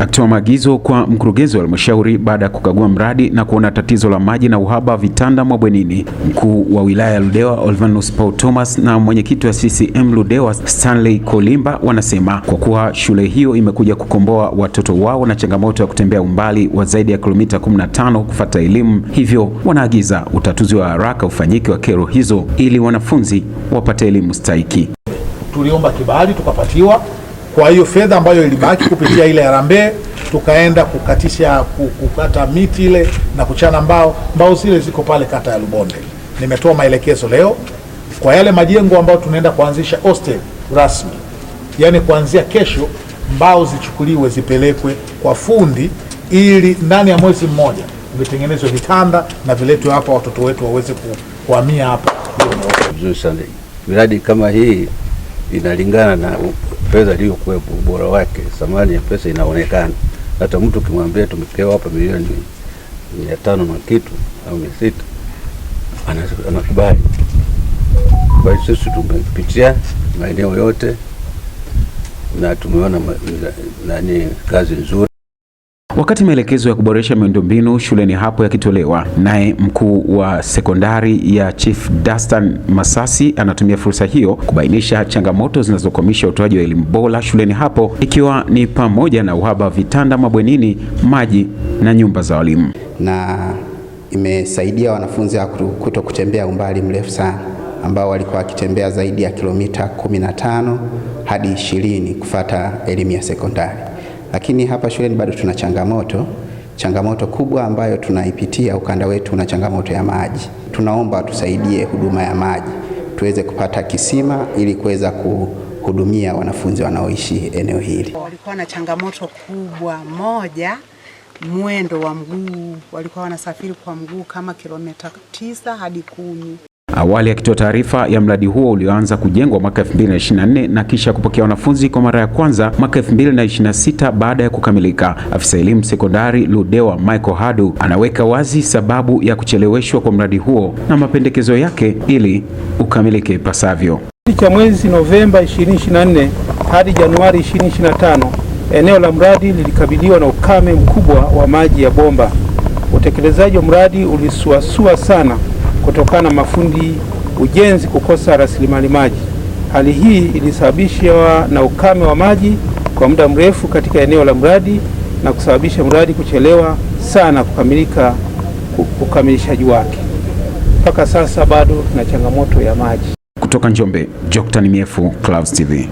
Akitoa maagizo kwa mkurugenzi wa halmashauri baada ya kukagua mradi na kuona tatizo la maji na uhaba vitanda mabwenini, mkuu wa wilaya ya Ludewa Olvanus Paul Thomas na mwenyekiti wa CCM Ludewa Stanley Kolimba wanasema kwa kuwa shule hiyo imekuja kukomboa watoto wao na changamoto ya kutembea umbali wa zaidi ya kilomita 15 kufata elimu, hivyo wanaagiza utatuzi wa haraka ufanyike wa kero hizo ili wanafunzi wapate elimu stahiki. Tuliomba kibali tukapatiwa kwa hiyo fedha ambayo ilibaki kupitia ile harambee tukaenda kukatisha kukata miti ile na kuchana mbao. Mbao zile ziko pale kata ya Lubonde. Nimetoa maelekezo leo kwa yale majengo ambayo tunaenda kuanzisha hostel rasmi, yaani kuanzia kesho mbao zichukuliwe zipelekwe kwa fundi ili ndani ya mwezi mmoja vitengenezwe vitanda na viletwe hapa watoto wetu waweze kuhamia hapa. Miradi kama hii inalingana na pesa iliyokuwepo, ubora wake, thamani ya pesa inaonekana. Hata mtu ukimwambia tumepewa hapa milioni mia tano na kitu au mia sita anakubali. hiyo sisi tumepitia maeneo yote na tumeona nani kazi nzuri. Wakati maelekezo ya kuboresha miundombinu shuleni hapo yakitolewa, naye mkuu wa sekondari ya Chief Dastan Masasi anatumia fursa hiyo kubainisha changamoto zinazokwamisha utoaji wa elimu bora shuleni hapo ikiwa ni pamoja na uhaba wa vitanda mabwenini, maji na nyumba za walimu, na imesaidia wanafunzi kuto kutembea umbali mrefu sana ambao walikuwa wakitembea zaidi ya kilomita 15 hadi 20 kufata elimu ya sekondari. Lakini hapa shuleni bado tuna changamoto changamoto kubwa ambayo tunaipitia. Ukanda wetu una changamoto ya maji, tunaomba tusaidie huduma ya maji tuweze kupata kisima ili kuweza kuhudumia wanafunzi wanaoishi eneo hili. Walikuwa na changamoto kubwa, moja mwendo wa mguu, walikuwa wanasafiri kwa mguu kama kilomita tisa hadi kumi awali akitoa taarifa ya mradi huo ulioanza kujengwa mwaka 2024 na kisha kupokea wanafunzi kwa mara ya kwanza mwaka 2026 baada ya kukamilika. Afisa elimu sekondari Ludewa Michael Hadu anaweka wazi sababu ya kucheleweshwa kwa mradi huo na mapendekezo yake ili ukamilike ipasavyo. cha mwezi Novemba 2024 hadi Januari 2025 eneo la mradi lilikabiliwa na ukame mkubwa wa maji ya bomba. Utekelezaji wa mradi ulisuasua sana kutokana na mafundi ujenzi kukosa rasilimali maji. Hali hii ilisababishwa na ukame wa maji kwa muda mrefu katika eneo la mradi na kusababisha mradi kuchelewa sana kukamilika ukamilishaji wake. Mpaka sasa bado tuna changamoto ya maji. Kutoka Njombe, Joctan Myefu, Clouds TV.